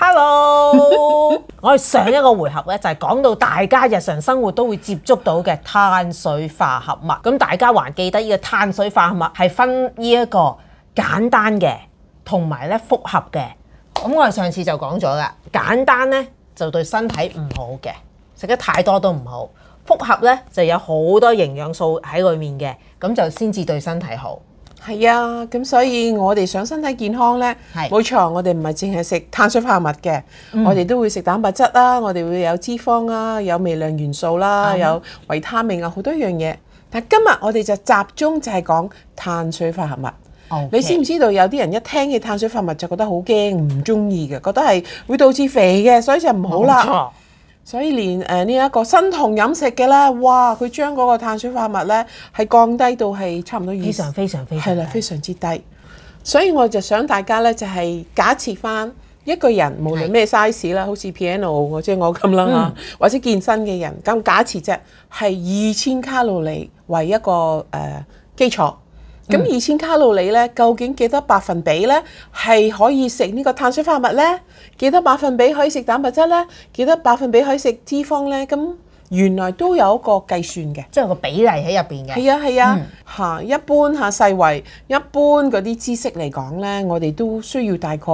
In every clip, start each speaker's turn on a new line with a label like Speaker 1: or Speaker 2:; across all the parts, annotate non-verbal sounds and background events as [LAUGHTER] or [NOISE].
Speaker 1: Hello， [LAUGHS] 我哋上一個回合呢就係、是、講到大家日常生活都會接觸到嘅碳水化合物，咁大家還記得呢、這個碳水化合物係分呢、這、一個簡單嘅，同埋呢複合嘅。咁我哋上次就講咗啦，簡單呢就對身體唔好嘅，食得太多都唔好。複合呢就有好多營養素喺裡面嘅，咁就先至對身體好。
Speaker 2: 係啊，咁所以我哋想身體健康呢，冇是錯，我哋唔係淨係食碳水化合物嘅，嗯、我哋都會食蛋白質啦、啊，我哋會有脂肪啊，有微量元素啦、啊，嗯、有維他命啊，好多樣嘢。但今日我哋就集中就係講碳水化合物。Okay 你知唔知道有啲人一聽起碳水化合物就覺得好驚，唔中意嘅，覺得係會導致肥嘅，所以就唔好啦。所以連誒呢一個生酮飲食嘅咧，哇！佢將嗰個碳水化合物咧係降低到係差唔多以上，非常非常係啦，非常之低。所以我就想大家咧，就係假設翻一個人的無論咩 size 啦，好似 Piano 或者我咁啦， [LAUGHS] 或者健身嘅人咁假設啫，係二千卡路里為一個誒基礎。咁二千卡路里咧，究竟幾多百分比咧係可以食呢個碳水化合物咧？幾多百分比可以食蛋白質咧？幾多百分比可以食脂肪咧？咁原來都有一個計算嘅，即係個比例喺入邊嘅。係啊係啊，嚇、啊嗯、一般嚇世衞一般嗰啲知識嚟講咧，我哋都需要大概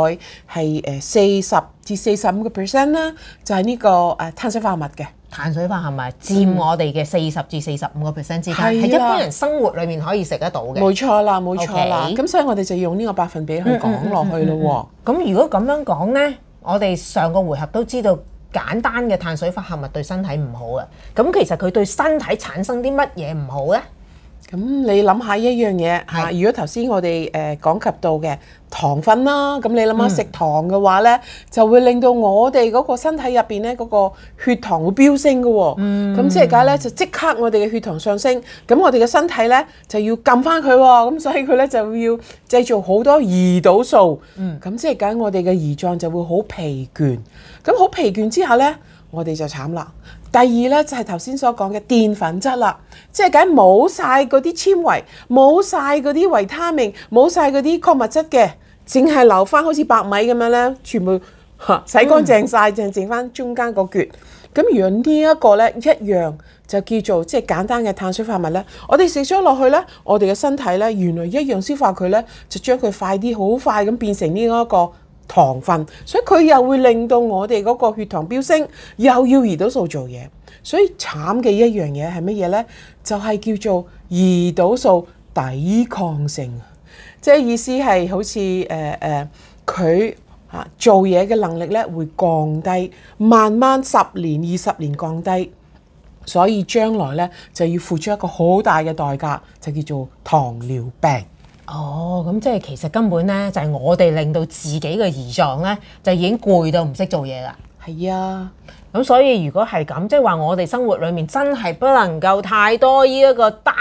Speaker 2: 係誒四十至四十五個 percent 啦，就係、是、呢個誒碳水化合物嘅。碳水化合物係佔我
Speaker 1: 哋嘅四十至四十五個 percent 之間？係、啊、一般人生活裡面可以食得到嘅。冇錯啦，冇錯啦。咁 Okay 所以我哋就用呢個百分比去講落去咯喎。咁、嗯嗯嗯嗯、如果咁樣講呢，我哋上個回合都知道簡單嘅碳水化合物對身體唔好嘅。咁其實佢對身體產生啲乜嘢唔好呢？咁你諗下一樣嘢吓，是如果
Speaker 2: 頭先我哋誒講及到嘅糖分啦，咁你諗下食糖嘅話呢，嗯、就會令到我哋嗰個身體入邊呢嗰個血糖會飆升嘅喎、哦，咁即係解呢，就即刻我哋嘅血糖上升，咁我哋嘅身體呢就要撳翻佢，咁所以佢呢就要製造好多胰島素，咁即係解，我哋嘅胰臟就會好疲倦，咁好疲倦之下呢，我哋就慘啦。第二咧就係頭先所講嘅澱粉質啦，即係梗冇晒嗰啲纖維，冇晒嗰啲維他命，冇晒嗰啲礦物質嘅，淨係留翻好似白米咁樣咧，全部洗乾淨晒，淨、嗯、剩翻中間個橛。咁如果呢一個咧一樣就叫做即係簡單嘅碳水化合物咧，我哋食咗落去咧，我哋嘅身體咧原來一樣消化佢咧，就將佢快啲好快咁變成呢、這、一個。糖分，所以佢又會令到我哋嗰個血糖飆升，又要胰島素做嘢。所以慘嘅一樣嘢係乜嘢呢？就係叫做胰島素抵抗性，即係意思係好似誒誒佢做嘢嘅能力呢會降低，慢慢十年二十年降低，所以將來呢，就要付出一個好大嘅代價，就叫做糖尿病。
Speaker 1: 哦，咁即係其實根本呢，就係、是、我哋令到自己嘅胰臟呢，就已經攰到唔識做嘢啦。係啊，咁所以如果係咁，即係話我哋生活裏面真係不能夠太多呢一個單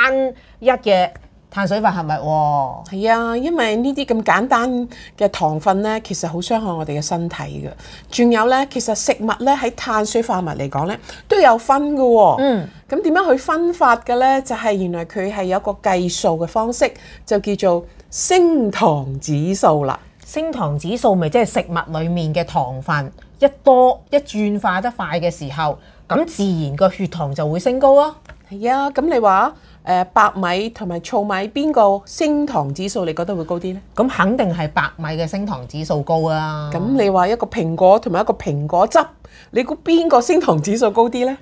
Speaker 1: 一嘅。碳水化合物喎、
Speaker 2: 啊，係啊，因為呢啲咁簡單嘅糖分呢，其實好傷害我哋嘅身體嘅。仲有呢，其實食物呢，喺碳水化合物嚟講呢，都有分嘅喎、哦。嗯，咁點樣去分法嘅呢？就係、是、原來佢係有個計數嘅方式，就叫做
Speaker 1: 升糖指數啦。升糖指數咪即係食物裡面嘅糖分一多一轉化得快嘅時候，咁自然個血糖就會升高咯、哦。係、嗯、啊，咁你話？呃、白米同埋糙米邊個升糖指
Speaker 2: 數你覺得會高啲呢？咁肯定係白米嘅升糖指數高啊！咁你話一個蘋果同埋一個蘋果汁，你估邊個升糖指數高啲呢？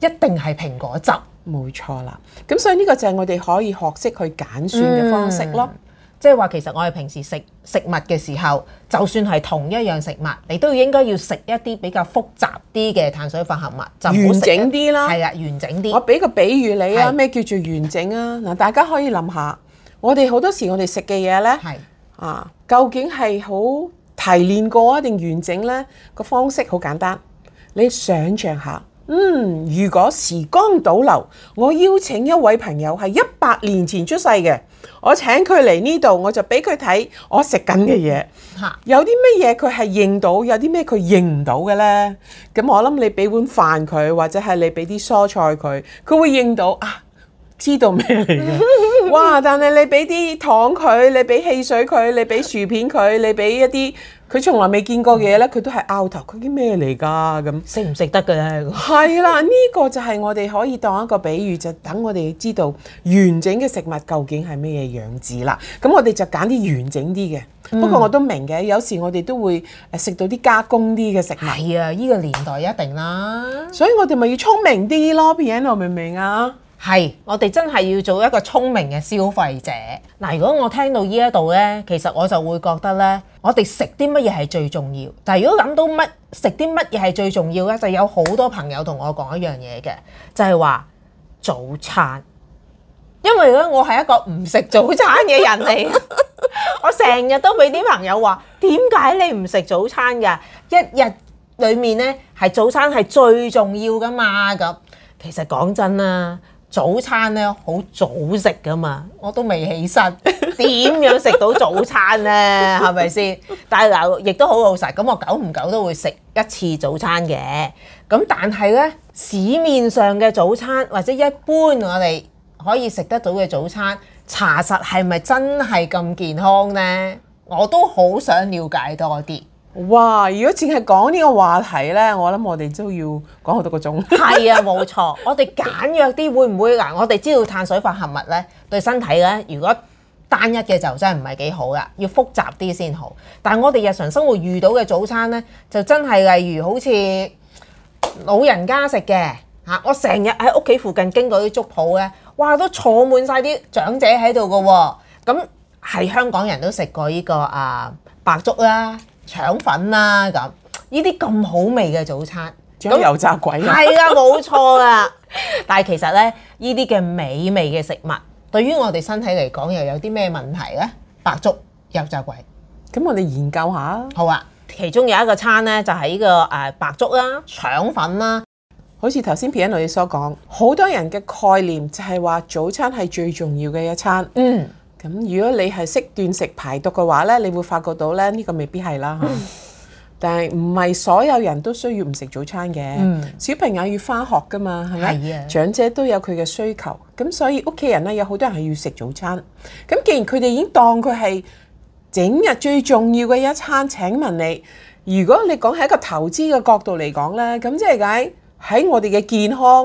Speaker 2: 一定係
Speaker 1: 蘋果汁，冇錯啦！咁所以呢個就係我哋可以學識去揀選嘅方式咯。嗯即係話，其實我哋平時食食物嘅時候，就算係同一樣食物，你都應該要食一啲比較複雜啲嘅碳水化合物，就完整啲啦。係啊，完整啲。我俾個比喻你啊，咩是叫做完整啊？嗱，大家可以諗下，我哋好多
Speaker 2: 時我哋食嘅嘢呢，是啊，究竟係好提煉過啊定完整呢？個方式好簡單，你想像下，嗯，如果時光倒流，我邀請一位朋友係一百年前出世嘅。我請佢嚟呢度，我就俾佢睇我食緊嘅嘢，有啲咩嘢佢係認到，有啲咩佢認唔到嘅咧？咁我諗你俾碗飯佢，或者係你俾啲蔬菜佢，佢會認到啊，知道咩嚟嘅？ [LAUGHS] 哇！但係你俾啲糖佢，你俾汽水佢，你俾薯片佢，你俾一啲佢從來未見過嘅嘢咧，佢、嗯、都係拗頭。佢啲咩嚟㗎？咁食唔食得嘅咧？係 [LAUGHS] 啦，呢、呢個就係我哋可以當一個比喻，就等我哋知道完整嘅食物究竟係咩樣子啦。咁我哋就揀啲完整啲嘅。嗯、不過我都明嘅，有時我哋都會誒食到啲加
Speaker 1: 工啲嘅食物。係啊、嗯，呢、呢個年代一定啦。所以我哋咪要聰明啲咯，Piano 明唔明啊？係，我哋真係要做一個聰明嘅消費者。嗱，如果我聽到呢一度呢，其實我就會覺得呢，我哋食啲乜嘢係最重要。但係如果諗到乜食啲乜嘢係最重要呢，就有好多朋友同我講一樣嘢嘅，就係話早餐。因為呢，我係一個唔食早餐嘅人嚟， [LAUGHS] 我成日都俾啲朋友話：點解你唔食早餐㗎？一日裡面呢係早餐係最重要㗎嘛。咁其實講真啦。早餐咧好早食㗎嘛，我都未起身，點樣食到早餐呢？係咪先？但係嗱，亦都好老實，咁我久唔久都會食一次早餐嘅。咁但係呢，市面上嘅早餐或者一般我哋可以食得到嘅早餐，查實係咪真係咁健康呢？我都好想了解多啲。哇！如果淨係講呢個話題呢，我諗我哋都要講好多個鐘。係 [LAUGHS] 啊，冇錯。我哋簡約啲會唔會嗱？我哋知道碳水化合物呢，對身體呢，如果單一嘅就真係唔係幾好噶，要複雜啲先好。但係我哋日常生活遇到嘅早餐呢，就真係例如好似老人家食嘅嚇，我成日喺屋企附近經過啲粥鋪呢，哇都坐滿晒啲長者喺度噶喎。咁係香港人都食過呢個啊白粥啦、啊。腸粉啦、啊，咁呢啲咁好味嘅早餐，油炸鬼，係啊，冇那 [LAUGHS] 錯啊。 [LAUGHS] 但係其實呢呢啲嘅美味嘅食物，對於我哋身體嚟講，又有啲咩問題呢？白粥、油炸鬼，咁我哋研究下好啊，其中有一個餐呢，就係、是、呢、這個誒、呃、白粥啦、啊、腸粉啦、啊。好似頭先片女所講，
Speaker 2: 好多人嘅概念就係話早餐係最重要嘅一餐。嗯。咁如果你係識斷食排毒嘅話咧，你會發覺到咧呢個未必係啦。嗯、但係唔係所有人都需要唔食早餐嘅。嗯、小朋友要翻學噶嘛，係咪？長者都有佢嘅需求。咁所以屋企人咧有好多人係要食早餐。咁既然佢哋已經當佢係整日最重要嘅一餐，請問你，如果你講喺一個投資嘅角度嚟講咧，咁即係解。喺我哋嘅健康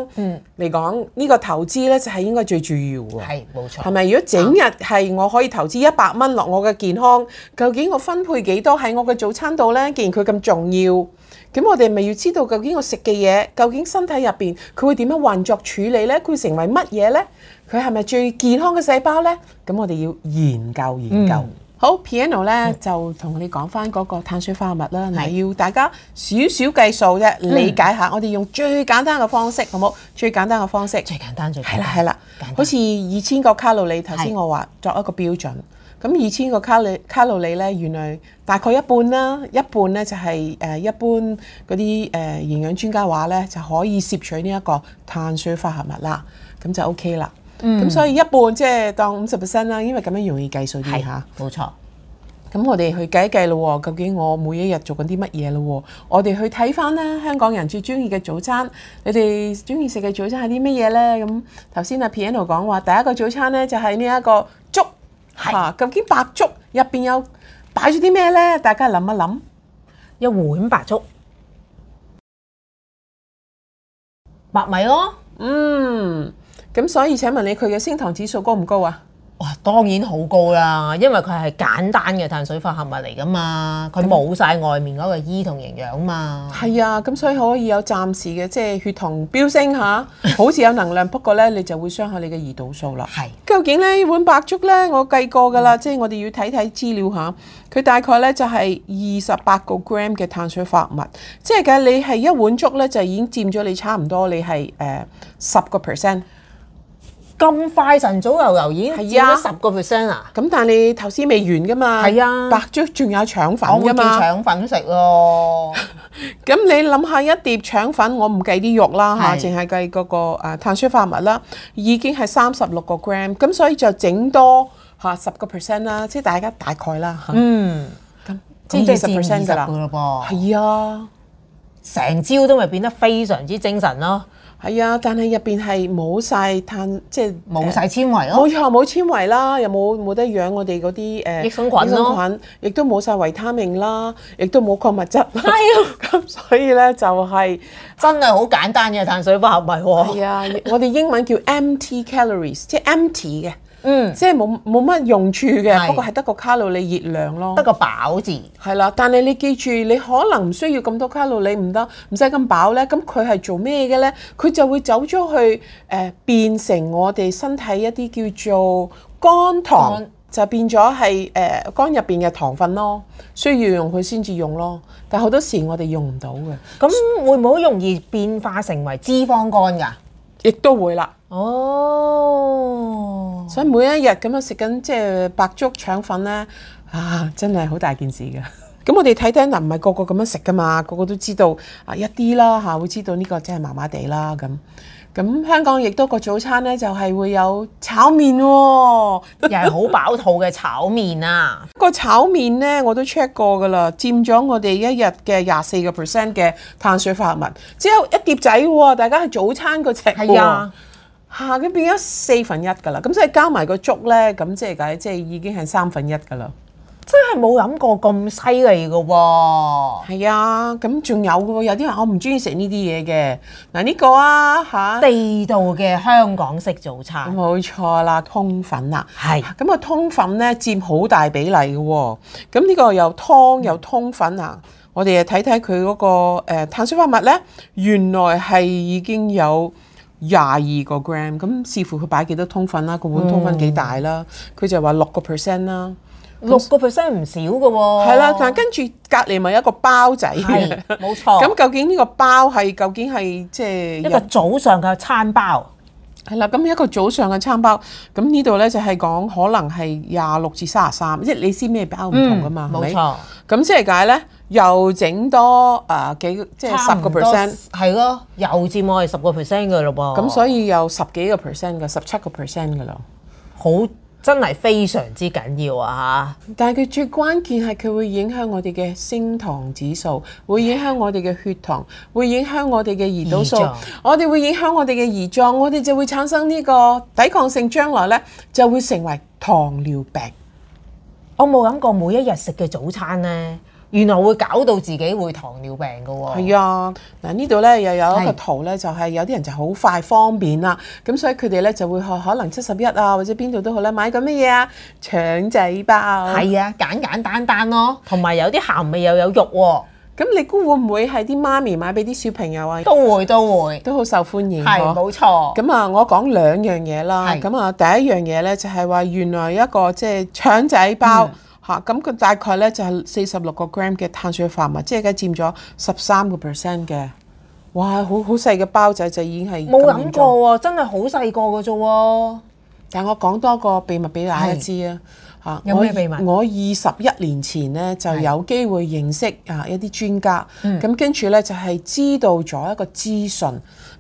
Speaker 2: 嚟講，呢、嗯、個投資呢就係應該最重要嘅。係
Speaker 1: 冇錯，係
Speaker 2: 咪？如果整日係我可以投資一百蚊落我嘅健康，究竟我分配幾多喺我嘅早餐度呢？既然佢咁重要，咁我哋咪要知道究竟我食嘅嘢，究竟身體入邊佢會點樣運作處理呢？佢會成為乜嘢呢？佢係咪最健康嘅細胞呢？咁我哋要研究研究。嗯好，Piano 咧、嗯、就同你講翻嗰個碳水化合物啦。嗱是，要大家少少計數啫，嗯、理解下。我哋用最簡單嘅方式，好冇？最簡單嘅方式。最簡單最。係啦，係啦。單好似二千個卡路里，頭先我話是作一個標準。咁二千個卡路卡路里咧，原來大概一半啦，一半咧就係、是、誒、uh, 一般嗰啲誒營養專家話咧就可以攝取呢一個碳水化合物啦，咁就 OK 啦。咁、嗯、所以一半即係當五十 percent 啦，因為咁樣容易計數啲吓。冇錯。咁我哋去計一計咯，究竟我每一日做緊啲乜嘢咯？我哋去睇翻啦，香港人最中意嘅早餐，你哋中意食嘅早餐係啲乜嘢咧？咁頭先阿 Piano 講話第一個早餐咧就係呢一個粥，係的。究竟白粥入邊有擺咗啲咩咧？大家諗一諗。一碗白粥，白米咯、哦，嗯。
Speaker 1: 咁所以請問你佢嘅升糖指數高唔高啊？哇，當然好高啦，因為佢係簡單嘅碳水化合物嚟噶嘛，佢冇晒外面嗰個衣同營養嘛。
Speaker 2: 係、嗯、啊，咁所以可以有暫時嘅即係血糖飆升嚇，好似有能量， [LAUGHS] 不過咧你就會傷害你嘅胰島素啦。係是。究竟呢碗白粥咧，我計過噶啦，嗯、即係我哋要睇睇資料嚇，佢大概咧就係二十八個 gram 嘅碳水化合物，即係嘅你係一碗粥咧就已經佔咗你差唔多你係誒十個 percent。咁快晨早流流，已經係十個 percent 啊！咁但係你頭先未完噶嘛？係啊，白粥仲有腸粉㗎嘛？腸粉食咯。咁你諗下一碟腸粉，我唔計啲肉啦嚇，淨係計嗰個誒碳水化合物啦，已經係三十六個 gram，咁所以就整多嚇十個 percent
Speaker 1: 啦，即係大家大概啦嚇。嗯，咁即係二十 percent 㗎啦，係啊，成朝都咪變得非常之精神咯。係啊，但係入邊
Speaker 2: 係冇晒碳，即係冇晒纖維咯。冇錯，冇纖維啦，又冇冇得養我哋嗰啲誒益生菌咯，亦都冇晒維他命啦，亦都冇礦物質啦。係、哎呀，咁 [LAUGHS] 所以咧就係、是、真係好簡單嘅碳水化合物。係啊的， [LAUGHS] 我哋英文叫 empty calories，即係 empty 嘅。嗯，即係冇冇乜用處嘅，是不過係得個卡路里熱量咯，得個飽字係啦。但係你記住，你可能唔需要咁多卡路里，唔得，唔使咁飽呢。咁佢係做咩嘅呢？佢就會走咗去誒、呃，變成我哋身體一啲叫做肝糖，嗯、就變咗係誒肝入邊嘅糖分咯。需要用佢先至用咯，但係好多時我哋用唔到嘅。咁、嗯、會唔會好容易變化成為脂肪肝噶？亦都會啦，哦，oh. 所以每一日咁樣食緊，即係白粥腸粉呢，啊，真係好大件事噶。咁 [LAUGHS] 我哋睇睇嗱，唔係個個咁樣食噶嘛，個個都知道一啊一啲啦嚇，會知道呢個真係麻麻地啦咁。咁香港亦都個早餐呢，就係、是、會有炒麵喎、哦，又係好飽肚嘅炒麵啊！ [LAUGHS] 個炒麵呢，我都 check 過噶啦，佔咗我哋一日嘅廿四個 percent 嘅碳水化合物，只有一碟仔喎、哦，大家係早餐個食、哦、啊，吓，咁變咗四分一噶啦，咁即係加埋個粥呢，咁即係解即係已經係三分一噶啦。
Speaker 1: 真係冇諗過咁犀利嘅喎，係啊，
Speaker 2: 咁仲、啊、有嘅喎，有啲人我唔中意食呢啲嘢嘅。嗱呢個啊嚇、啊、地道嘅香港式早餐，冇錯啦，通粉啦、啊，係是。咁個通粉咧，佔好大比例嘅喎、啊。咁呢個有湯有通粉啊，嗯、我哋又睇睇佢嗰個碳、呃、水化合物咧，原來係已經有廿二個 gram。咁視乎佢擺幾多通粉啦、啊，個碗通粉幾大啦、啊，佢、嗯、就話六個 percent 啦。啊六個 percent 唔少㗎喎，係啦，但跟住隔離咪有一個包仔，係冇
Speaker 1: 錯。咁究
Speaker 2: 竟呢個包係究竟係即係一個早上嘅餐包，係啦。咁一個早上嘅餐包，咁呢度咧就係講可能係廿六至卅三，即係你食咩包唔同㗎嘛，冇錯。咁即係解咧，又整多啊幾即係十個 percent，
Speaker 1: 係咯，又佔我哋十個 percent 㗎咯噃。咁所
Speaker 2: 以有十幾個 percent 嘅，十七個 percent 㗎咯，好。真係非常之緊要啊！但係佢最關鍵係佢會影響我哋嘅升糖指數，會影響我哋嘅血糖，會影響我哋嘅胰島素，胰臟。我哋會影響我哋嘅胰臟，我
Speaker 1: 哋就會產生呢個抵抗性，將來呢就會成為糖尿病。我冇諗過每一日食嘅早餐呢。原來會搞到自己會糖尿病㗎喎！係啊，
Speaker 2: 嗱，呢度咧又有一個圖咧，是就係有啲人就好快方便啦，咁所以佢哋咧就會學可能七十一啊，或者邊度都好啦，買個乜嘢啊腸仔包，係啊，簡簡單單，單咯，同埋有啲鹹味又有肉喎，哦。咁、嗯、你估會唔會係啲媽咪買俾啲小朋友啊？都會都會，都好受歡迎。係，冇錯。咁啊、嗯，我講兩樣嘢啦。咁啊是，第一樣嘢咧就係、是、話原來一個即係、就是、腸仔包。嗯嚇，咁佢大概咧就係四十六個 gram 嘅碳水化合物，即係而家佔咗十三個 percent 嘅，哇，好好細嘅包仔就已經係冇諗過
Speaker 1: 喎，真係好細個嘅啫喎。
Speaker 2: 但係我講多個秘密俾大家知是啊，嚇！有咩秘密？我二十一年前咧就有機會認識啊一啲專家，咁跟住咧就係知道咗一個資訊。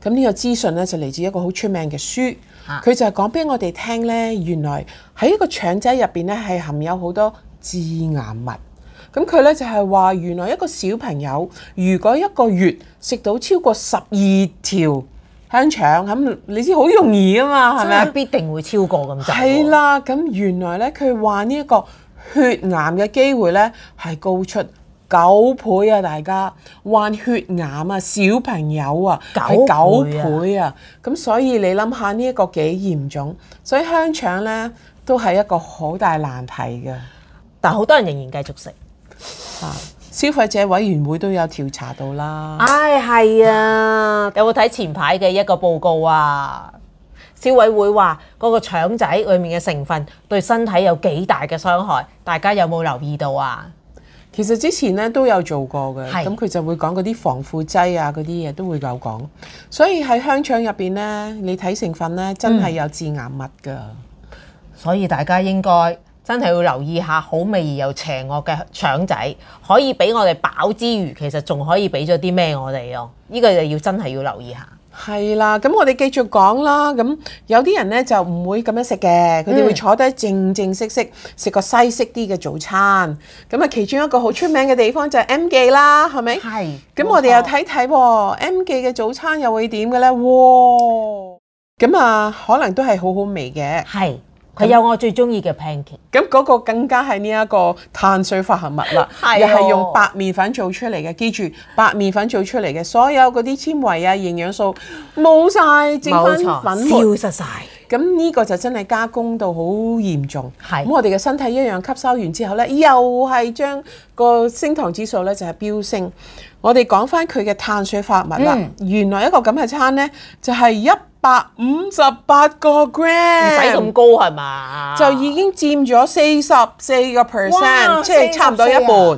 Speaker 2: 咁呢、嗯、個資訊咧就嚟自一個好出名嘅書，佢、啊、就係講俾我哋聽咧，原來喺一個腸仔入邊咧係含有好多。致癌物，咁佢咧就係話，原來一個小朋友如果一個月食到超過十二條香腸，咁你知好容易啊嘛，係咪啊？必定會超過咁滯。係啦，咁原來咧佢患呢一個血癌嘅機會咧係高出九倍啊！大家患血癌啊，小朋友啊，九倍啊，咁所以你諗下呢一個幾嚴重，所以香腸咧都係一個好大難題嘅。
Speaker 1: 但好多人仍然
Speaker 2: 繼續食，啊、消費者委員會都有調查到啦。唉、
Speaker 1: 哎，係啊，啊有冇睇前排嘅一個報告啊？消委會話嗰、嗰個腸仔裏面嘅成分對身體有幾大嘅傷害，大家有冇留意到啊？
Speaker 2: 其實之前咧都有做過嘅，咁佢是就會講嗰啲防腐劑啊嗰啲嘢都會有講，所以喺香腸入邊呢，你睇
Speaker 1: 成分呢真係有致癌物噶、嗯，所以大家應該。真係要留意下好味又邪惡嘅腸仔，可以俾我哋飽之餘，其實仲可以俾咗啲咩我哋哦？呢、呢個就要真係要留意下。
Speaker 2: 係啦，咁我哋繼續講啦。咁有啲人呢，就唔會咁樣食嘅，佢哋會坐低正正式式食個西式啲嘅早餐。咁啊，其中一個好出名嘅地方就係 M 記啦，係咪？係的。咁我哋又睇睇好 M 記嘅早餐又會點嘅呢？嘩，咁啊，可能都係好好味嘅。係。佢有我最中意嘅 pancake，咁嗰個更加係呢一個碳水化合物啦， [LAUGHS] 又係用白麵粉做出嚟嘅，記住白麵粉做出嚟嘅，所有嗰啲纖維啊、營養素冇晒，剩翻粉沫消失曬，咁呢個就真係加工到好嚴重。咁的我哋嘅身體一樣吸收完之後呢，又係將個升糖指數呢就係、是、飆升。我哋講翻佢嘅碳水化合物啦，嗯、原來一個咁嘅餐呢，就係一百五十八個 gram，唔使咁高係嘛？就已經佔咗四十四個 percent，即係差唔多一半。
Speaker 1: 四四啊、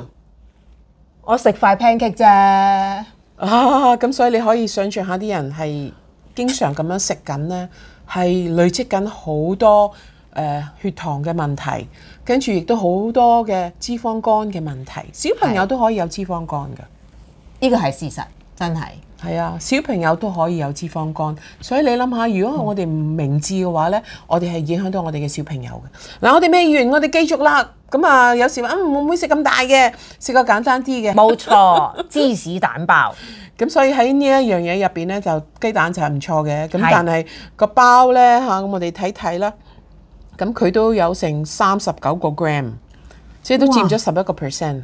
Speaker 1: 我
Speaker 2: 食塊 pancake 啫，咁、啊、所以你可以想象下啲人係經常咁樣食緊呢，係累積緊好多誒、呃、血糖嘅問題，跟住亦都好多嘅脂肪肝嘅問題。小朋友都可以有脂肪肝㗎。呢個係事實，真係係啊！小朋友都可以有脂肪肝，所以你諗下，如果我哋唔明智嘅話呢，嗯、我哋係影響到我哋嘅小朋友嘅。嗱、啊，我哋未完，我哋繼續啦。咁啊，有時話唔、啊、會食咁大嘅，食個簡單啲嘅。冇錯，芝士蛋包。咁 [LAUGHS] 所以喺呢一樣嘢入邊呢，就雞蛋就係唔錯嘅。咁但係個是包呢，嚇、啊，咁我哋睇睇啦。咁佢都有成三十九個 gram，即係都佔咗十一個 percent。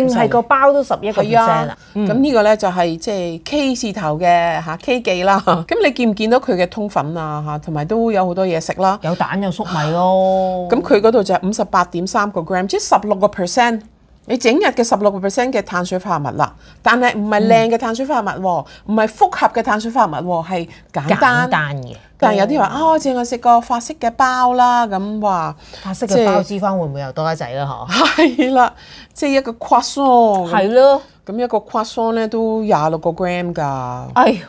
Speaker 1: 淨係個包都十一、啊嗯、個 percent 啦，咁
Speaker 2: 呢個呢，就係即係 K 字頭嘅吓 K 記啦。咁你見唔見到佢嘅通粉啊？嚇，同埋都有好多嘢食啦，有蛋有粟米咯。咁佢嗰度就係五十八點三個 gram，即係十六個 percent。你整日嘅十六個 percent 嘅碳水化合物啦，但係唔係靚嘅碳水化合物喎，唔係、嗯、複合嘅碳水化合物喎，係簡單嘅。
Speaker 1: 單但係有啲話啊，淨
Speaker 2: 係、哦哦、我食個法式嘅包啦，咁話法式嘅包脂肪會唔會又多一仔啦？嗬、就是，係啦，即係一個 croissant，係咯。咁一個 croissant 咧都廿六個 gram 㗎。哎。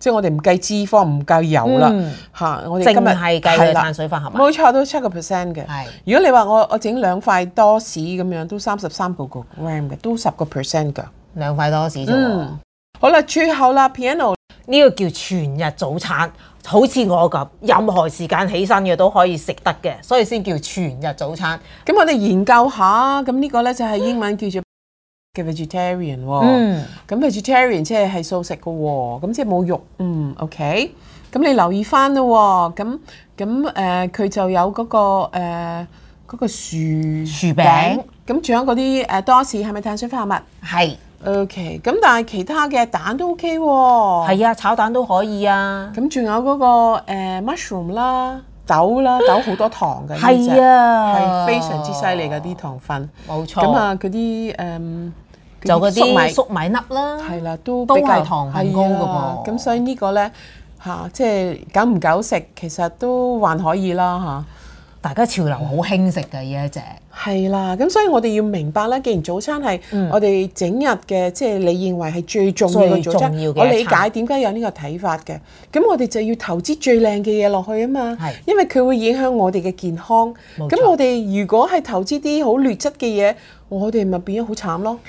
Speaker 2: 即係我哋唔計脂肪，唔計油啦嚇、嗯啊，我哋今日係計佢碳水化合物，冇錯都七個 percent 嘅。係如果你話我我整兩塊多士咁樣都三十三個 gram 嘅，都十個 percent 嘅兩塊多士啫、
Speaker 1: 嗯。好啦，最後啦，piano 呢個叫全日早餐，好似我咁，任何時間起身嘅都可以食得嘅，嗯、所以先叫全日早餐。咁
Speaker 2: 我哋研究下，咁呢個咧就係英文叫做、嗯。嘅 vegetarian，、啊、嗯，咁 vegetarian 即係素食嘅、啊，咁即係冇肉，嗯，OK，咁你留意翻咯，咁咁誒，佢、呃、就有嗰、那個誒，嗰、呃那個薯餅薯餅餅，咁仲有嗰啲誒，多士係咪碳水化合物？係是，OK，咁但係其他嘅蛋都 OK，係啊，炒蛋都可以啊，咁仲有嗰、那個誒、呃、mushroom 啦、啊。豆啦，豆好多糖嘅呢隻，係、 [LAUGHS] 啊、非常之犀利嘅啲糖分。冇錯錯，咁啊嗰啲
Speaker 1: 誒，就啲、呃、粟米粟
Speaker 2: 米粒啦，係啦，都比較係糖好高嘅噃。咁、啊、所以個呢個咧嚇，即係久唔久食，其實都還可以啦嚇。啊大家潮流好興食嘅呢一隻，係啦，咁所以我哋要明白啦，既然早餐係我哋整日嘅，嗯、即係你認為係最重要嘅早餐，餐我理解點解有呢個睇法嘅。咁我哋就要投資最靚嘅嘢落去啊嘛，是因為佢會影響我哋嘅健康。咁錯我哋如果係投
Speaker 1: 資啲好劣質嘅嘢，我哋咪變咗好慘咯，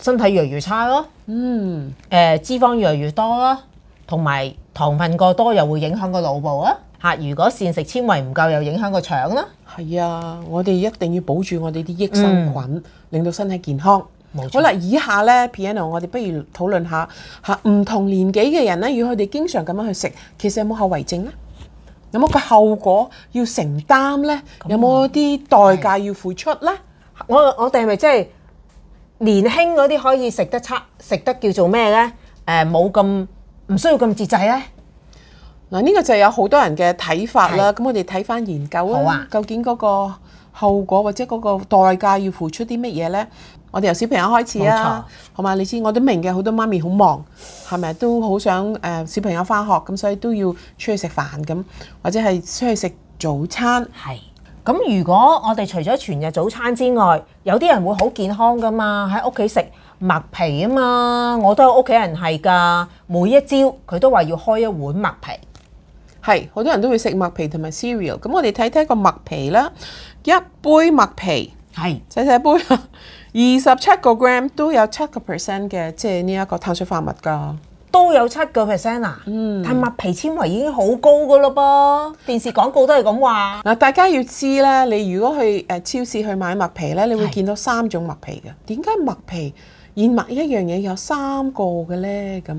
Speaker 1: 身體越嚟越差咯，嗯，誒、呃、脂肪越嚟越多咯，同埋糖分過多又會影響個腦部啊。嚇！如果膳食纖維唔夠，又影響個腸啦。係啊，我哋一定要
Speaker 2: 保住我哋啲益生菌，嗯、令到身體健康。冇錯錯。好啦，以下咧，Piano，我哋不如討論下嚇唔同年紀嘅人咧，要佢哋經常咁樣去食，其實有冇後遺症咧？有冇個後果要承擔咧？嗯、有冇啲代價要付
Speaker 1: 出咧是？我我哋係咪即係年輕嗰啲可以食得差，食得叫做咩咧？誒、呃，冇咁唔需要咁節制咧？嗱，呢個就有
Speaker 2: 好多人嘅睇法啦。咁是我哋睇翻研究啊，究竟嗰個後果或者嗰個代價要付出啲乜嘢呢？我哋由小朋友開始啊，錯好嘛？你知我都明嘅，好多媽咪好忙，係咪？都好想誒小朋友翻學咁，所以都要出去食飯
Speaker 1: 咁，或者係出去食早餐。係。咁如果我哋除咗全日早餐之外，有啲人會好健康噶嘛？喺屋企食麥皮啊嘛，我都有屋企人係噶，每一朝佢都話要開一碗麥皮。係，
Speaker 2: 好多人都會食麥皮同埋 cereal。咁我哋睇睇個麥皮啦，一杯麥皮，係細細杯，二十七個 gram 都有七個 percent 嘅，即係呢一個碳水化合物噶，都有七個 percent 啊。嗯，但麥皮纖維已經好高噶
Speaker 1: 咯噃，電視廣告都係咁話。
Speaker 2: 嗱，大家要知咧，你如果去誒超市去買麥皮咧，你會見到三種麥皮嘅。點解麥皮燕麥一樣嘢有三個嘅咧？咁？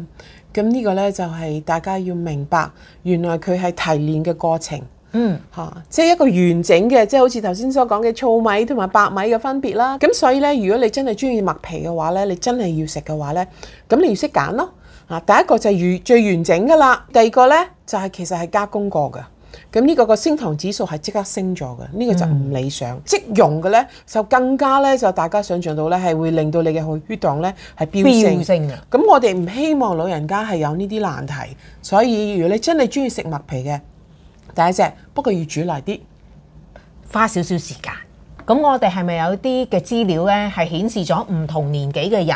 Speaker 2: 咁呢個呢，就係大家要明白，原來佢係提煉嘅過程，嗯嚇、啊，即係一個完整嘅，即係好似頭先所講嘅糙米同埋白米嘅分別啦。咁所以呢，如果你真係中意麥皮嘅話呢，你真係要食嘅話呢，咁你要識揀咯。啊，第一個就係最最完整噶啦，第二個呢，就係其實係加工過嘅。咁呢個個升糖指數係即刻升咗嘅，呢個就唔理想。即溶嘅呢，就更加呢，就大家想象到呢，係會令到你嘅血血糖呢係飆升。咁我哋唔希望老人家係有呢啲難題，所以如果你真係中意食麥皮嘅，
Speaker 1: 第一隻不過要煮耐啲，花少少時間。咁我哋係咪有啲嘅資料呢？係顯示咗唔同年紀嘅人？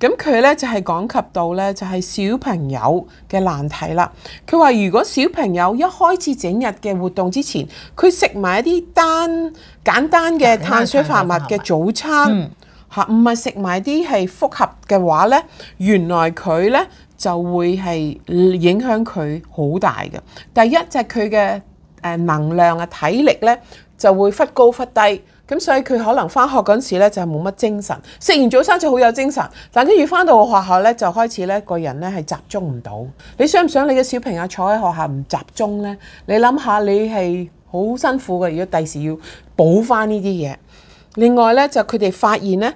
Speaker 2: 咁佢咧就係講及到咧就係小朋友嘅難題啦。佢話如果小朋友一開始整日嘅活動之前，佢食埋一啲單簡單嘅碳水化合物嘅早餐，嚇唔係食埋啲係複合嘅話咧，原來佢咧就會係影響佢好大嘅。第一就係佢嘅誒能量啊體力咧就會忽高忽低。咁所以佢可能翻學嗰陣時咧就係冇乜精神，食完早餐就好有精神，但係越翻到學校咧就開始咧個人咧係集中唔到。你想唔想你嘅小朋友坐喺學校唔集中咧？你諗下你係好辛苦嘅，如果第時要補翻呢啲嘢。另外咧就佢哋發現咧，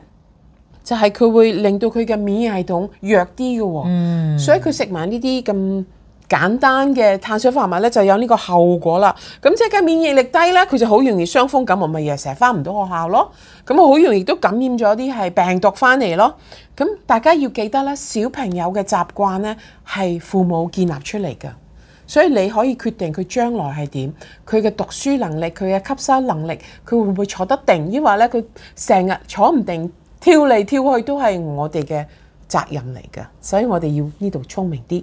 Speaker 2: 就係佢會令到佢嘅免疫系統弱啲嘅喎。嗯，所以佢食埋呢啲咁。簡單嘅碳水化合物咧就有呢個後果啦。咁即係免疫力低呢，佢就好容易傷風感冒，咪又成日翻唔到學校咯。咁啊，好容易都感染咗啲係病毒翻嚟咯。咁大家要記得咧，小朋友嘅習慣呢係父母建立出嚟嘅，所以你可以決定佢將來係點。佢嘅讀書能力，佢嘅吸收能力，佢會唔會坐得定，抑或呢，佢成日坐唔定，跳嚟跳去都係我哋嘅責任嚟嘅。所以我哋要
Speaker 1: 呢度聰明啲。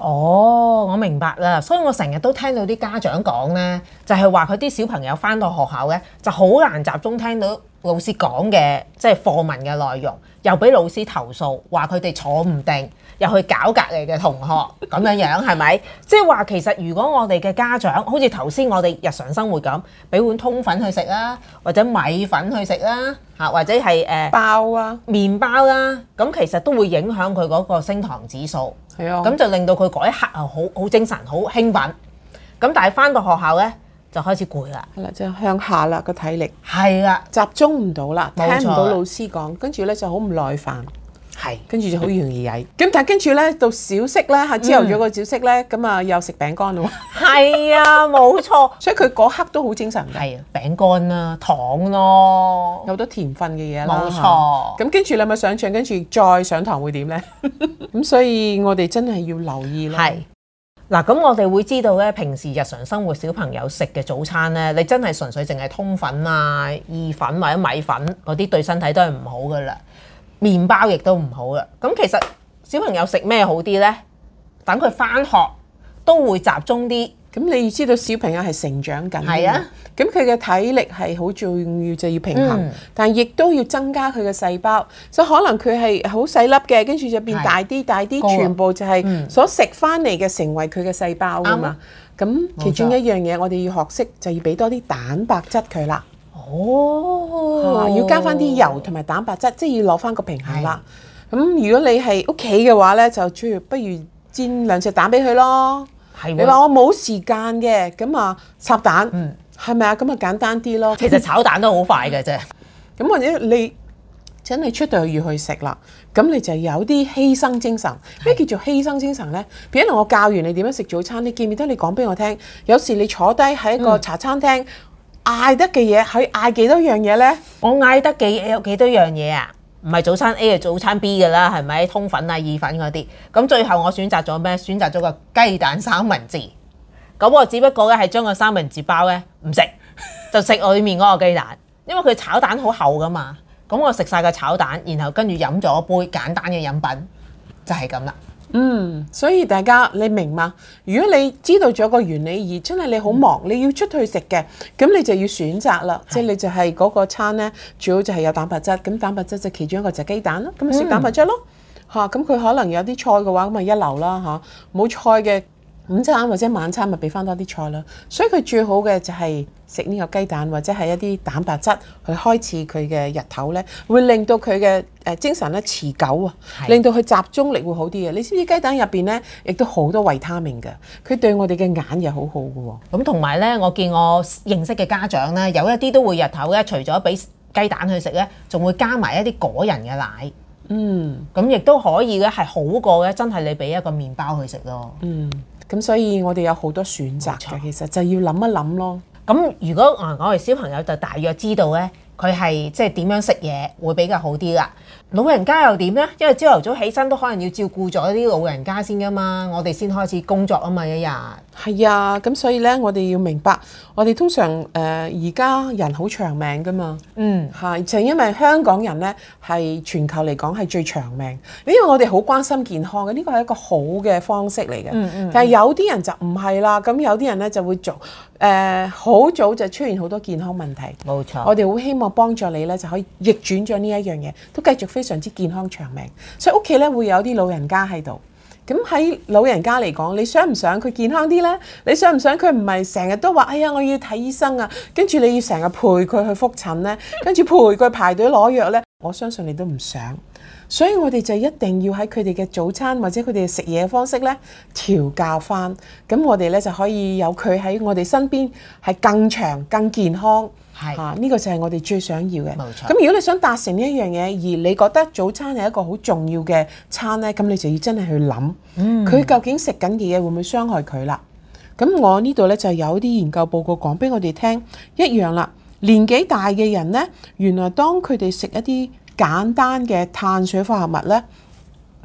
Speaker 1: 哦，我明白啦，所以我成日都聽到啲家長講呢，就係話佢啲小朋友返到學校呢，就好難集中聽到老師講嘅，即係課文嘅內容，又俾老師投訴話佢哋坐唔定。又去搞隔離嘅同學咁 [LAUGHS] 樣樣係咪？即係話其實如果我哋嘅家長好似頭先我哋日常生活咁，俾碗通粉去食啦，或者米粉去食啦，嚇或者係誒、呃、包啊、麵包啦，咁其實都會影響佢嗰個升糖指數。係啊，咁就令到佢嗰一刻係好好精神、好興奮。咁但係翻到學校呢，就開始攰啦。係啦，即係向下啦個體力。係啦、啊，集中唔到啦，
Speaker 2: 冇錯。聽唔到老師講，跟住呢就好唔耐煩。係，跟住就好容易曳。咁但係跟住咧，到小息咧嚇，朝頭早個小息咧，咁啊又食餅乾咯喎。
Speaker 1: 係啊，冇
Speaker 2: 錯。所以佢嗰刻都好精神。係啊，餅乾啦，糖咯，有好多甜分嘅嘢啦。冇錯。咁跟住你咪上場，跟住再上堂會點咧？咁所
Speaker 1: 以我哋真係要留意啦。係。嗱，咁我哋會知道咧，平時日常生活小朋友食嘅早餐咧，你真係純粹淨係通粉啊、意粉或者米粉嗰啲，對身體都係唔好噶啦。麵包亦都唔好啦，咁其實小朋友食咩好啲呢？等佢翻學都會集中啲。咁你要知道小
Speaker 2: 朋友係成長緊㗎嘛？係啊，咁佢嘅體力係好重要，就要平衡，但亦都要增加佢嘅細胞。所以可能佢係好細粒嘅，跟住就變大啲大啲，全部就係所食翻嚟嘅成為佢嘅細胞㗎嘛。咁其中一樣嘢，我哋要學識就要俾多啲蛋白質佢啦。
Speaker 1: 哦、啊，要加翻啲
Speaker 2: 油同埋蛋白質，即係要攞翻個平衡啦。咁的如果你係屋企嘅話咧，就不如不如煎兩隻蛋俾佢咯。你話的我冇時間嘅，咁啊，插蛋，嗯，係咪啊？咁啊簡單啲咯。其實炒
Speaker 1: 蛋都好快嘅啫。
Speaker 2: 咁 [LAUGHS] 或者你真係出到去去食啦，咁你就有啲犧牲精神。咩的叫做犧牲精神呢？譬如我教完你點樣食早餐，你記唔記得你講俾我聽？有時你坐低喺一個茶餐廳。嗯嗌得嘅嘢，佢嗌幾多樣嘢呢？我嗌得幾
Speaker 1: 幾幾多樣嘢啊？唔係早餐 A 就早餐 B 噶啦，係咪？通粉啊、意粉嗰啲。咁最後我選擇咗咩？選擇咗個雞蛋三文治。咁我只不過咧係將個三文治包呢，唔食，就食裏面嗰個雞蛋，因為佢炒蛋好厚噶嘛。咁我食晒個炒蛋，然後跟住飲咗杯簡單嘅飲品，就係咁啦。嗯，所以大家你明嘛？如果你知道咗個原理，而真係你好
Speaker 2: 忙，嗯、你要出去食嘅，咁你就要選擇啦。嗯、即係你就係嗰個餐呢，最好就係有蛋白質。咁蛋白質就其中一個就係雞蛋咯。咁咪食蛋白質咯，吓、嗯，咁佢、啊、可能有啲菜嘅話，咁咪一流啦，吓、啊，冇菜嘅。午餐或者晚餐咪俾翻多啲菜咯，所以佢最好嘅就係食呢個雞蛋或者係一啲蛋白質去開始佢嘅日頭呢，會令到佢嘅、誒精神咧，持久啊，是令到佢集中力會好啲嘅啊。你知唔知雞蛋入邊呢，亦都好多維他命嘅，佢對我哋嘅眼又好好嘅啊。
Speaker 1: 咁同埋呢，我見我認識嘅家長呢，有一啲都會日頭呢，除咗俾雞蛋去食呢，仲會加埋一啲果仁嘅奶。嗯，咁亦都可以嘅，係好過嘅。真係你俾一個麵包去食咯啊。嗯。咁所以我哋有好多選擇，冇錯，其實就要諗一諗咯。咁如果我哋小朋友就大約知道呢，佢係即係點樣食嘢會比較好啲啦。老人家又點呢？因為朝頭早起身都可能要照顧咗啲老人家先噶嘛，我哋先開始工作啊嘛，一日。係呀、啊。咁所以呢，我哋要
Speaker 2: 明白，我哋通常誒而家人好長命噶嘛。嗯，係，就因為香港人呢係全球嚟講係最長命，因為我哋好關心健康嘅，呢個係一個好嘅方式嚟嘅。嗯嗯。但係有啲人就唔係啦，咁有啲人呢就會做誒，好、呃、早就出現好多健康問題。冇錯。我哋好希望幫助你呢，就可以逆轉咗呢一樣嘢，都繼續非常之健康長命，所以屋企咧會有啲老人家喺度。咁喺老人家嚟講，你想唔想佢健康啲呢？你想唔想佢唔係成日都話哎呀，我要睇醫生啊，跟住你要成日陪佢去覆診呢，跟住陪佢排隊攞藥呢？我相信你都唔想。所以我哋就一定要喺佢哋嘅早餐或者佢哋食嘢嘅方式咧調教翻，咁我哋咧就可以有佢喺我哋身邊，係更長更健康，係是啊呢、呢個就係我哋最想要嘅。冇錯。咁如果你想達成呢一樣嘢，而你覺得早餐係一個好重要嘅餐咧，咁你就要真係去諗，佢、嗯、究竟食緊嘅嘢會唔會傷害佢啦？咁我呢度咧就有啲研究報告講俾我哋聽一樣啦，年紀大嘅人咧，原來當佢哋食一啲。簡單嘅碳水化合物，呢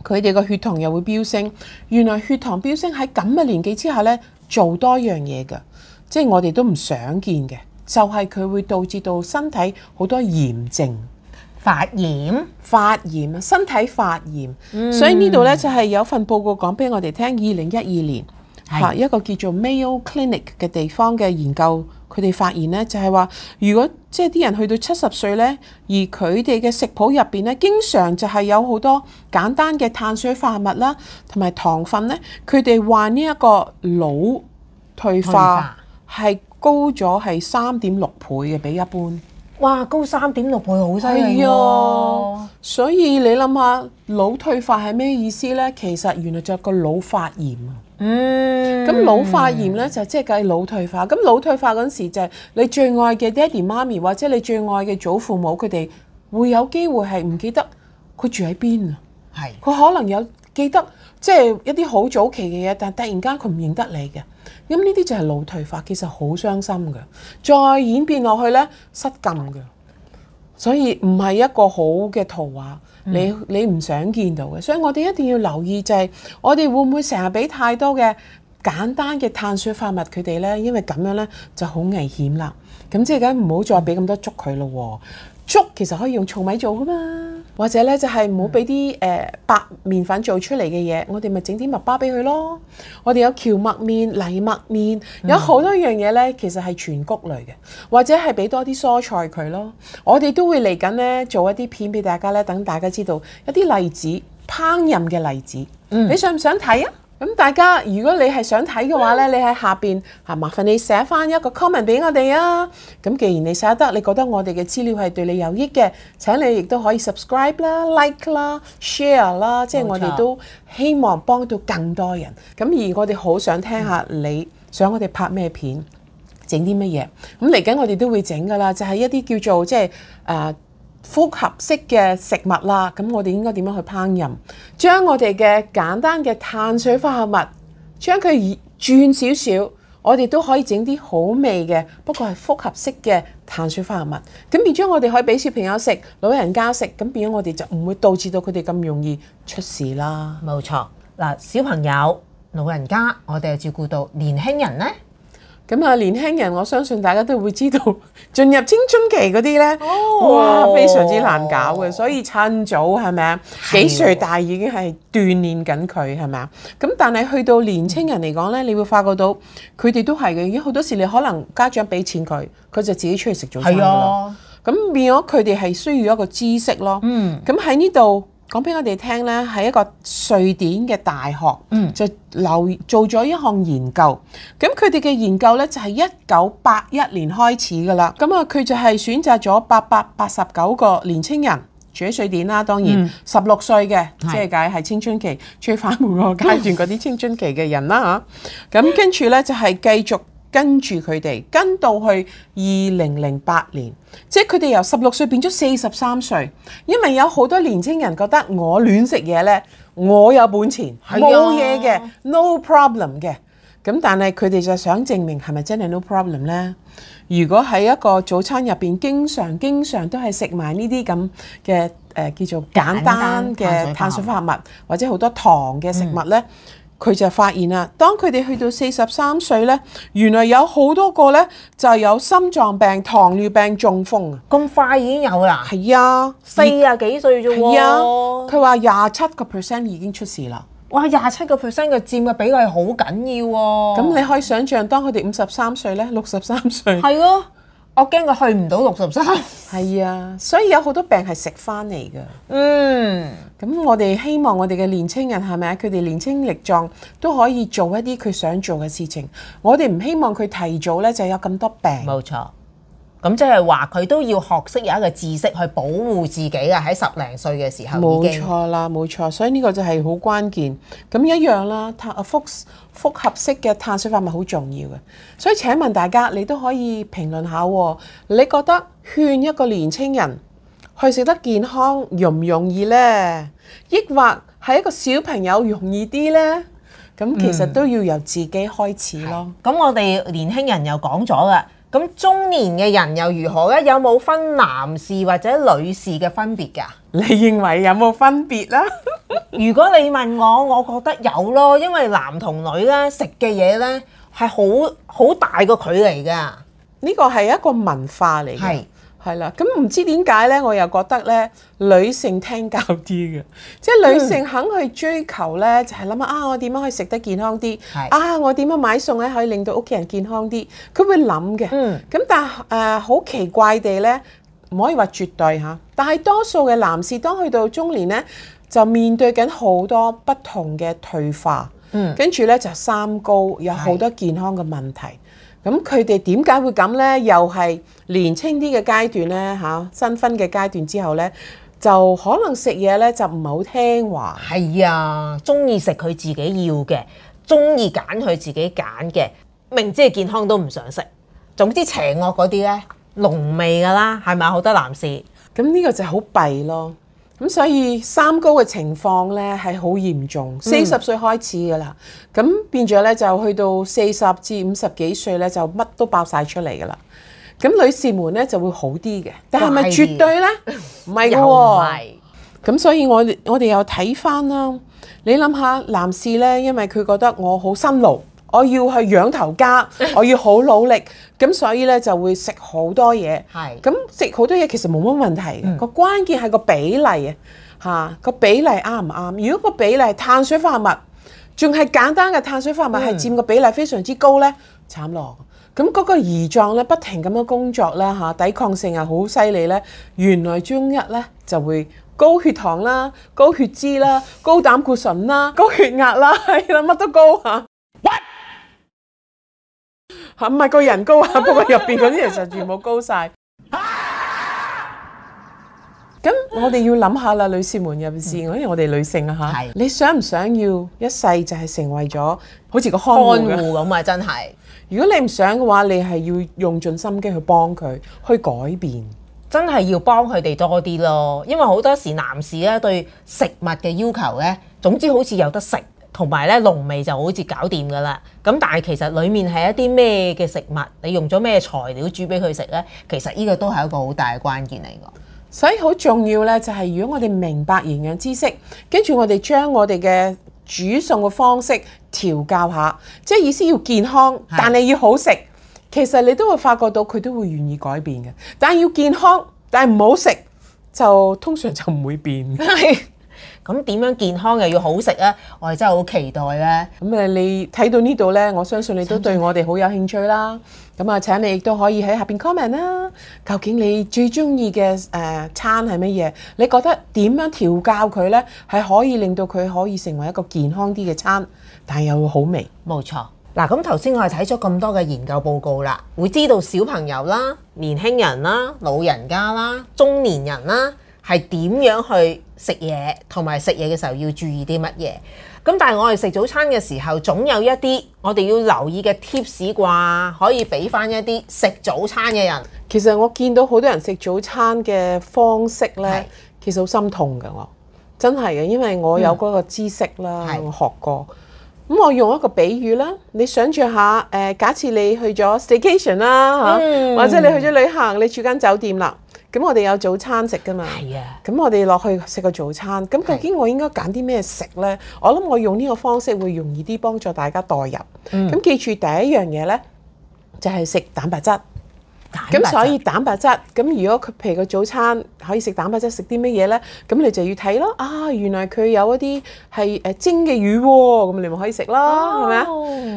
Speaker 2: 佢哋個血糖又會飆升。原來血糖飆升喺咁嘅年紀之下，呢做多樣嘢嘅，即係我哋都唔想見嘅，就係、係、佢會導致到身體好多炎症、發炎、發炎、身體發炎。嗯、所以呢度呢，就係有份報告講俾我哋聽，二零一二年嚇的一個叫做 Mayo Clinic 嘅地方嘅研究。佢哋發現呢，就係話，如果即係啲人去到七十歲呢，而佢哋嘅食譜入邊呢，經常就係有好多簡單嘅碳水化合物啦，同埋糖分呢。佢哋患呢一個腦退化係高咗係三點六倍嘅，比一般，
Speaker 1: 哇，高三點六倍好犀利喎！
Speaker 2: 所以你諗下，腦退化係咩意思呢？其實原來就係個腦發炎。嗯，咁腦化炎咧就即係計腦退化，咁腦退化嗰時就係你最愛嘅爹哋媽咪或者你最愛嘅祖父母，佢哋會有機會係唔記得佢住喺邊啊？係的，佢可能有記得即係、就是、一啲好早期嘅嘢，但係突然間佢唔認得你嘅，咁呢啲就係腦退化，其實好傷心嘅。再演變落去咧，失禁嘅，所以唔係一個好嘅圖畫。你你唔想見到嘅，所以我哋一定要留意，就係我哋會唔會成日俾太多嘅簡單嘅碳水化合物佢哋咧？因為咁樣咧就好危險啦。咁即係梗唔好再俾咁多粥佢咯。粥其實可以用糙米做㗎嘛。或者咧就係唔好俾啲誒白麵粉做出嚟嘅嘢，嗯、我哋咪整啲麥包俾佢咯。我哋有蕎麥麵、藜麥麵，有好多樣嘢咧，其實係全穀類嘅，或者係俾多啲蔬菜佢咯。我哋都會嚟緊咧做一啲片俾大家咧，等大家知道一啲例子，烹飪嘅例子。嗯、你想唔想睇啊？咁大家如果你係想睇嘅話呢，嗯、你喺下邊啊，麻煩你寫翻一個 comment 俾我哋啊！咁既然你寫得，你覺得我哋嘅資料係對你有益嘅，請你亦都可以 subscribe 啦、like 啦、share 啦，即係冇錯，我哋都希望幫到更多人。咁而我哋好想聽下你想我哋拍咩片，整啲乜嘢？咁嚟緊我哋都會整噶啦，就係、是、一啲叫做即係誒。就是呃複合式嘅食物啦，咁我哋應該點樣去烹飪？將我哋嘅簡單嘅碳水化合物，將佢轉少少，我哋都可以整啲好味嘅，不過係複合式嘅碳水化合物。咁而將我哋可以俾小朋友食、老人家食，咁變咗我哋就唔會導致到佢哋咁容易出事啦。冇錯，嗱，
Speaker 1: 小朋友、老人家，我哋就照顧到年輕人呢。咁啊，年輕人
Speaker 2: 我相信大家都會知道，進入青春期嗰啲咧，oh. 哇，非常之難搞嘅，所以趁早係咪啊？的幾歲大已經係鍛鍊緊佢係咪啊？咁但係去到年青人嚟講咧，你會發覺到佢哋都係嘅，已經好多時你可能家長俾錢佢，佢就自己出去食早餐咯。咁變咗佢哋係需要一個知識咯。嗯，咁喺呢度。講俾我哋聽呢係一個瑞典嘅大學、嗯、就留做咗一項研究。咁佢哋嘅研究呢，就係一九八一年開始噶啦。咁啊，佢就係選擇咗八百八十九個年青人住喺瑞典啦。當然，十六歲嘅即係解係青春期是最反叛個階段嗰啲青春期嘅人啦嚇。咁跟住呢，就係繼續。跟住佢哋跟到去二零零八年，即係佢哋由十六歲變咗四十三歲，因為有好多年輕人覺得我亂食嘢咧，我有本錢冇嘢嘅 no problem 嘅，咁但係佢哋就想證明係咪真係 no problem 咧？如果喺一個早餐入邊，經常經常都係食埋呢啲咁嘅誒叫做簡單嘅碳水化合物或者好多糖嘅食物咧。佢就發現啦，當佢哋去到四十三歲呢，原來有好多個呢就有心臟病、糖尿病、中風，咁快已經有啦？係啊，四啊幾歲啫喎？佢話廿七個 percent 已經出事啦！哇，廿七個 percent 嘅佔嘅比例好緊要喎，啊！咁你可以想象當，當佢哋五十三歲呢，六十三歲係咯。我驚佢去唔到六十三，係啊，所以有好多病係食翻嚟㗎。嗯，咁我哋希望我哋嘅年青人係咪啊？佢哋年輕力壯都可以做一啲佢想做嘅事情。我哋唔希望佢提早呢就
Speaker 1: 有咁多病。冇錯。咁即係話佢都要學識有一個知識去保護自己啊！喺十零歲嘅時候已經冇錯
Speaker 2: 啦，冇錯，所以呢個就係好關鍵。咁一樣啦，碳啊複複合式嘅碳水化物好重要嘅。所以請問大家，你都可以評論下喎？你覺得勸一個年青人去食得健康容唔容易呢？抑或係一個小朋友容易啲
Speaker 1: 呢？咁其實都要由自己開始咯。咁、嗯嗯、我哋年輕人又講咗喇。咁中年嘅人又如何咧？有冇分男士或者女士嘅分別噶？你認為有冇分別啦？如果你問我，我覺得有咯，因為男同女咧食嘅嘢咧係好好大個距離
Speaker 2: 噶。呢個係一個文化嚟嘅。係啦，咁唔知點解咧？我又覺得咧，女性聽教啲嘅，即係女性肯去追求咧，就係諗下啊，我點樣可以食得健康啲？啊，我點樣，是的、啊、我點樣買餸咧可以令到屋企人健康啲？佢會諗嘅。咁、嗯、但係誒，好、呃、奇怪地咧，唔可以話絕對嚇。但係多數嘅男士當去到中年咧，就面對緊好多不同嘅退化。嗯，跟呢，跟住咧就三高，有好多健康嘅問題。咁佢哋點解會咁呢？又係年青啲嘅階段呢，嚇新婚嘅階段之後呢，
Speaker 1: 就可能食嘢呢，就唔係好聽話。係啊，鍾意食佢自己要嘅，鍾意揀佢自己揀嘅，明知係健康都唔想食。總之邪惡嗰啲呢，濃味㗎啦，係咪？好多男士，咁呢個就好
Speaker 2: 弊咯。咁所以三高嘅情況咧係好嚴重，四十、嗯、歲開始噶啦，咁變咗咧就去到四十至五十幾歲咧就乜都爆晒出嚟噶啦。咁女士們咧就會好啲嘅，但係咪絕對咧？唔係㗎喎，咁所以我我哋又睇翻啦。你諗下男士咧，因為佢覺得我好辛勞。我要去養頭家，我要好努力，咁所以咧就會食好多嘢。係是，咁食好多嘢其實冇乜問題，個、嗯、關鍵係個比例啊，嚇個比例啱唔啱？如果個比例碳水化物仲係簡單嘅碳水化物係佔個比例非常之高咧，慘咯、嗯。咁嗰個胰臟咧不停咁樣工作咧嚇、啊，抵抗性又好犀利咧，原來中一咧就會高血糖啦、高血脂啦、高膽固醇啦、 [LAUGHS] 高血壓啦，係啦，乜都高嚇、啊。喂！ [LAUGHS] 嚇唔係個人高啊，不過入邊嗰啲人其實全部高曬。咁我哋要諗下啦，女士們，又是我哋女性啊嚇。你想唔想要一世就係成為咗好似個看護咁啊？真係，如果你唔想嘅話，你係
Speaker 1: 要用盡心機去幫佢去
Speaker 2: 改變。真
Speaker 1: 係要幫佢哋多啲咯，因為好多時男士咧對食物嘅要求咧，總之好似有得食。同埋咧濃味就好似搞掂噶啦，咁但係其實裡面係一啲咩嘅食物，你用咗咩材料煮俾佢食呢？其實呢個都係一個好大嘅關鍵嚟㗎。所以好重
Speaker 2: 要呢，就係如果我哋明白營養知識，跟住我哋將我哋嘅煮餸嘅方式調教下，即係意思要健康，但係要好食，是其實你都會發覺到佢都會願意改變嘅。但係要健康，但係唔好食，就通常就唔會變。咁點樣健康又要好食呢？我哋真係好期待呢、啊。咁你睇到呢度呢，我相信你都對我哋好有興趣啦。咁啊，請你亦都可以喺下邊 comment 啦。究竟你最中意嘅誒餐係乜嘢？你覺得點樣調教佢呢？係可以令到佢可以成為一個健康啲嘅
Speaker 1: 餐，但係又會好味？冇錯。嗱，咁頭先我係睇咗咁多嘅研究報告啦，會知道小朋友啦、年輕人啦、老人家啦、中年人啦。係點樣去食嘢，同埋食嘢嘅時候要注意啲乜嘢？咁但係我哋食早餐嘅時候，總有一啲我哋要留意嘅 tips 啩，可以俾翻一啲食早餐嘅人。其實我見到好多人食早餐嘅方式呢，
Speaker 2: 是其實好心痛嘅我，真係嘅，因為我有嗰個知識啦，嗯、我學過。咁是我用一個比喻啦，你想象下，誒，假設你去咗 staycation 啦、嗯、或者你去咗旅行，你住間酒店啦。咁我哋有早餐食㗎嘛？係啊的！咁我哋落去食個早餐，咁究竟我應該揀啲咩食咧？的我諗我用呢個方式會容易啲幫助大家代入。咁、嗯、記住第一樣嘢咧，就係、是、食蛋白質。咁所以蛋白質，咁如果佢譬如個早餐可以食蛋白質，食啲咩嘢咧？咁你就要睇咯。啊，原來佢有一啲係誒蒸嘅魚喎，咁你咪可以食咯，係咪啊？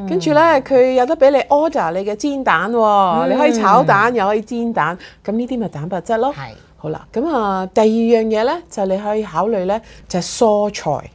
Speaker 2: 跟住咧，佢有得俾你 order 你嘅煎蛋喎，嗯、你可以炒蛋又可以煎蛋，咁呢啲咪蛋白質咯。係，好啦，咁啊第二樣嘢咧就你可以考慮咧就係蔬菜。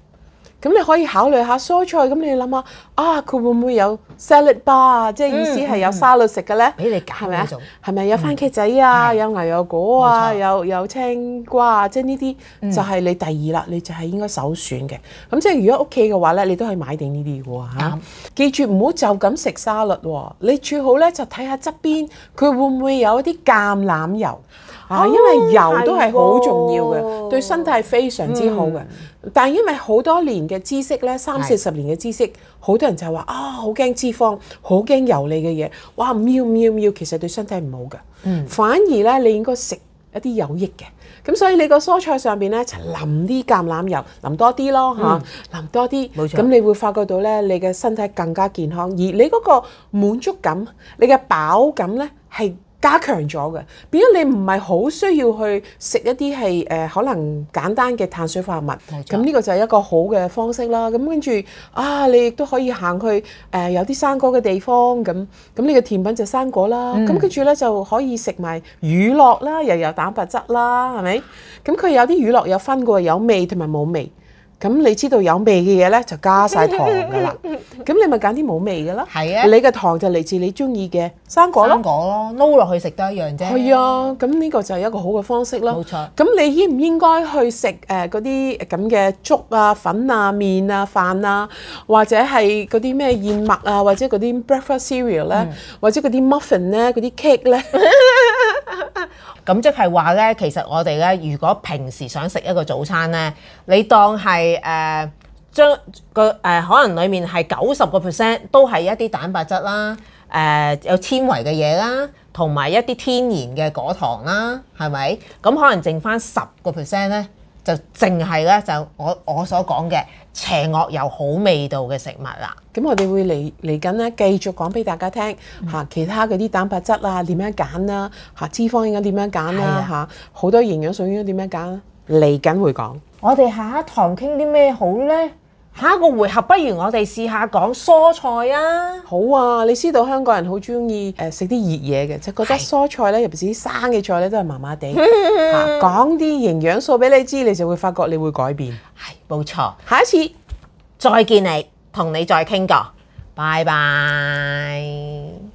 Speaker 2: 咁你可以考慮下蔬菜，咁你諗下啊，佢會唔會有 salad bar，即係意思係有沙律食嘅咧？俾你揀，係咪啊？係咪、嗯、有番茄仔啊？嗯、有牛油果啊？冇錯、有有青瓜啊？即係呢啲就係你第二啦，你就係應該首選嘅。咁、嗯、即係如果屋企嘅話咧，你都可以買定呢啲嘅喎嚇。嗯、記住唔好就咁食沙律喎，你最好咧就睇下側邊佢會唔會有一啲橄欖油。啊，因為油都係好重要嘅，的對身體係非常之好嘅。嗯、但係因為好多年嘅知識咧，三四十年嘅知識，好是的 多人就係話啊，好、哦、驚脂肪，好驚油膩嘅嘢。哇！喵喵，喵喵喵，其實對身體唔好嘅。嗯、反而咧，你應該食一啲有益嘅。咁所以你個蔬菜上邊咧，就淋啲橄欖油，淋多啲咯吓，嗯、淋多啲。冇錯。咁你會發覺到咧，你嘅身體更加健康，而你嗰個滿足感，你嘅飽感咧係。加強咗嘅，變咗你唔係好需要去食一啲係誒可能簡單嘅碳水化合物，咁呢冇錯個就係一個好嘅方式啦。咁跟住啊，你亦都可以行去誒、呃、有啲生果嘅地方咁，咁呢個甜品就生果啦。咁跟住咧就可以食埋乳酪啦，又有蛋白質啦，係咪？咁佢有啲乳酪有分過有味同埋冇味。咁你知道有味嘅嘢咧，就加晒糖噶 [LAUGHS] 啦。咁你咪揀啲冇味嘅咯。係啊，你嘅糖就嚟自你中意嘅生果咯。生果
Speaker 1: 咯，撈落去食都一樣啫。係啊，
Speaker 2: 咁呢個就係一個好嘅方式咯。冇錯。咁你應唔應該去食誒嗰啲咁嘅粥啊、粉啊、麵啊、飯啊，或者係嗰啲咩燕麥啊，或者嗰啲 breakfast cereal 咧，嗯、或者嗰啲 muffin 咧、
Speaker 1: 嗰啲 cake 咧？ [LAUGHS] 咁即係話咧，其實我哋咧，如果平時想食一個早餐咧，你當係誒、呃、將個誒、呃、可能裡面係九十個 percent 都係一啲蛋白質啦，誒、呃、有纖維嘅嘢啦，同埋一啲天然嘅果糖啦，係咪？咁可能剩翻十個 percent 咧。呢就淨係咧，就我我所講嘅邪惡又好味道嘅食物啦。咁我哋會嚟嚟緊咧，繼續講俾大家聽嚇，嗯、其他嗰啲蛋白
Speaker 2: 質啊點樣揀啦嚇，脂肪應該點樣揀咧嚇，好的多營養素應該點樣揀咧，嚟緊會講。
Speaker 1: 我哋下一堂傾啲咩好咧？嚇，下一個回合不如我哋試下講蔬菜啊！好啊，你知道香港人好中意誒食啲熱
Speaker 2: 嘢嘅，就覺得蔬菜咧入邊啲生嘅菜咧都係麻麻地。嚇，講啲營養素
Speaker 1: 俾你知，你就會發覺你會改變。係冇錯，下一次再見你，同你再傾過，拜拜。